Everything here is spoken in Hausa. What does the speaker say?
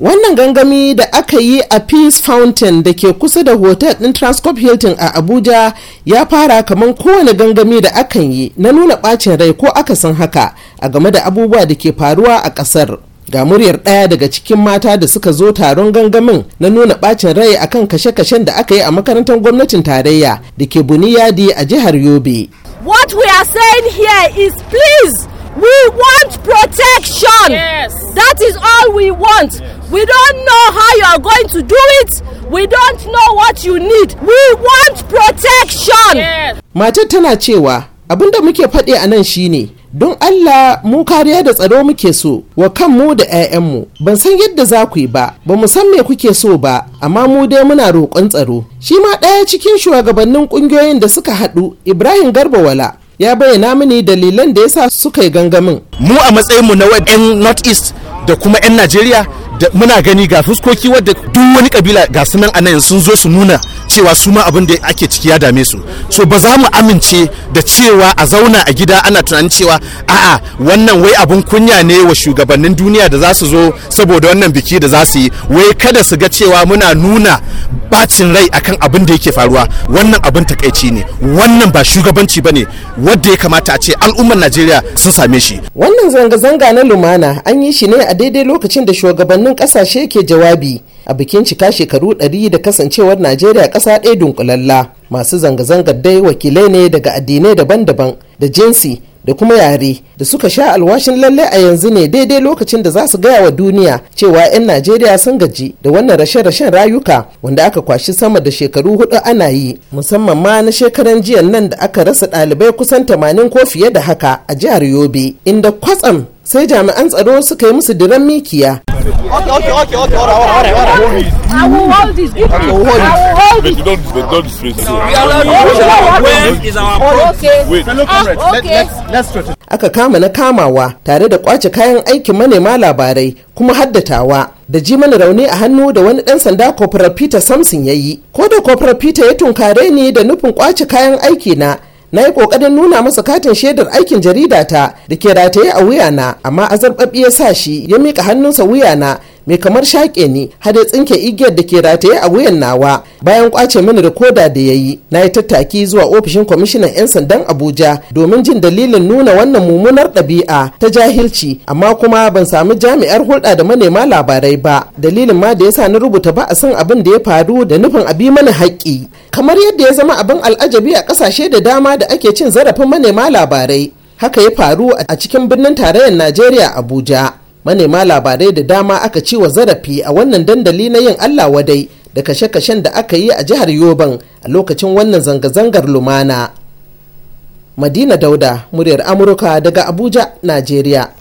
wannan gangami da aka yi a peace fountain da ke kusa da hotel din transcorp hilton a abuja ya fara kamar kowane gangami da akan yi na nuna bacin rai ko aka san haka a game da abubuwa da ke faruwa a ƙasar ga muryar ɗaya daga cikin mata da suka zo taron gangamin na nuna bacin rai akan kashe-kashen da aka yi a makarantar gwamnatin tarayya da ke buniyadi a jihar yobe what we are saying here is please we want protection yes. That is all we want. Yes. We don't know how you are going to do it. We don't know what you need. We want protection. Matar tana cewa abin da muke faɗi a nan shine don Allah mu kariya da tsaro muke so wa kan mu da mu, ban san yadda za ku yi ba ba mu san me kuke so ba amma mu dai muna roƙon tsaro shi ma ɗaya cikin shugabannin ƙungiyoyin da suka haɗu Ibrahim Garba Wala ya bayyana mini dalilan da ya sa suka yi gangamin mu a matsayinmu na 'yan North East da kuma 'yan najeriya da muna gani ga fuskoki wadda duk wani kabila ga sunan a nan sun zo su nuna cewa su ma abin da ake ciki ya dame su so ba za mu amince da cewa a zauna a gida ana tunanin cewa a'a wannan wai abin kunya ne wa shugabannin duniya da za su zo saboda wannan biki da za su yi wai kada su ga cewa muna nuna bacin rai akan abin da yake faruwa wannan abin takaici ne wannan ba shugabanci bane wanda ya kamata a ce al'ummar Najeriya sun same shi wannan zanga-zanga na lumana an yi shi ne a daidai lokacin da shugabannin kasashe ke jawabi a bikin cika shekaru 100 da kasancewar najeriya ƙasa ɗaya dunkulalla masu zanga-zangar dai wakilai ne daga addinai daban-daban da jinsi da kuma yare da suka sha alwashin lalle a yanzu ne daidai lokacin da za su gaya wa duniya cewa 'yan najeriya sun gaji da wannan rashe-rashen rayuka wanda aka kwashi sama da shekaru hudu ana yi musamman ma na shekaran jiya nan da aka rasa ɗalibai kusan tamanin ko fiye da haka a jihar yobe inda kwatsam sai jami'an tsaro suka yi musu diran mikiya Okay, okay, okay, okay, all right, all right, all right. I will hold this. Give me. I will hold this. Don't, don't, don't disgrace it. When is our okay? Wait, fellow ah, comrades, let, let's let's Aka kama na kamawa tare da kwace kayan aikin manema labarai kuma haddatawa da ji mana rauni a hannu da wani dan sanda Corporal Peter Samson ya yi. Ko da Corporal Peter ya tunkare ni da nufin kwace kayan aiki na na yi kokarin nuna masa katin shaidar aikin jarida ta da ke rataye a wuyana amma azarbabbi ya sa shi ya miƙa hannunsa wuyana mai kamar shaƙe ne, har ya tsinke igiyar da ke rataye a wuyan nawa bayan kwace mini rikoda da ya yi na yi tattaki zuwa ofishin kwamishinan 'yan sandan abuja domin jin dalilin nuna wannan mummunar ɗabi'a ta jahilci amma kuma ban sami jami'ar hulɗa da manema labarai ba dalilin ma da ya sa ni rubuta ba a san abin da ya faru da nufin a bi mana haƙƙi kamar yadda ya zama abin al'ajabi a ƙasashe da dama da ake cin zarafin manema labarai haka ya faru a cikin birnin tarayyar najeriya abuja manema labarai da dama aka ci wa zarafi a wannan dandali na yin allah wadai da kashe-kashen da aka yi a jihar yoban a lokacin wannan zanga-zangar lumana madina dauda muryar amurka daga abuja najeriya